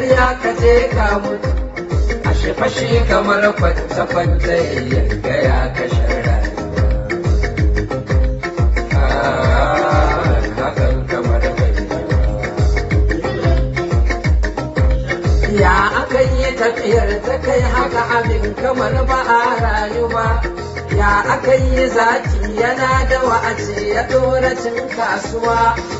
karya ka je ka mutu a fashe kamar kwanta kwanta gaya ya kashe ah, Ya akan yi tafiyar ta kai haka abin kamar ba a rayu ba, ya aka yi zaki yana da wa'ace ya ɗora cin kasuwa.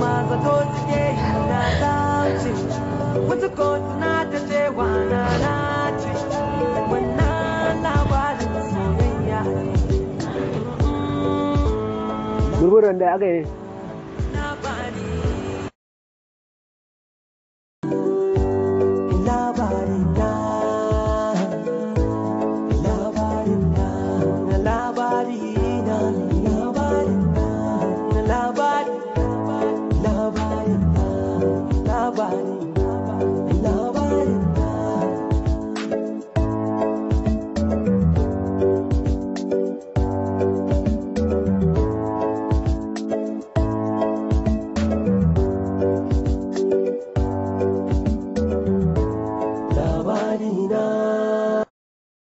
ma zato suke na sauce wasu ko suna ta cewa na nace wannan labarin soyayya ne. Gurgurin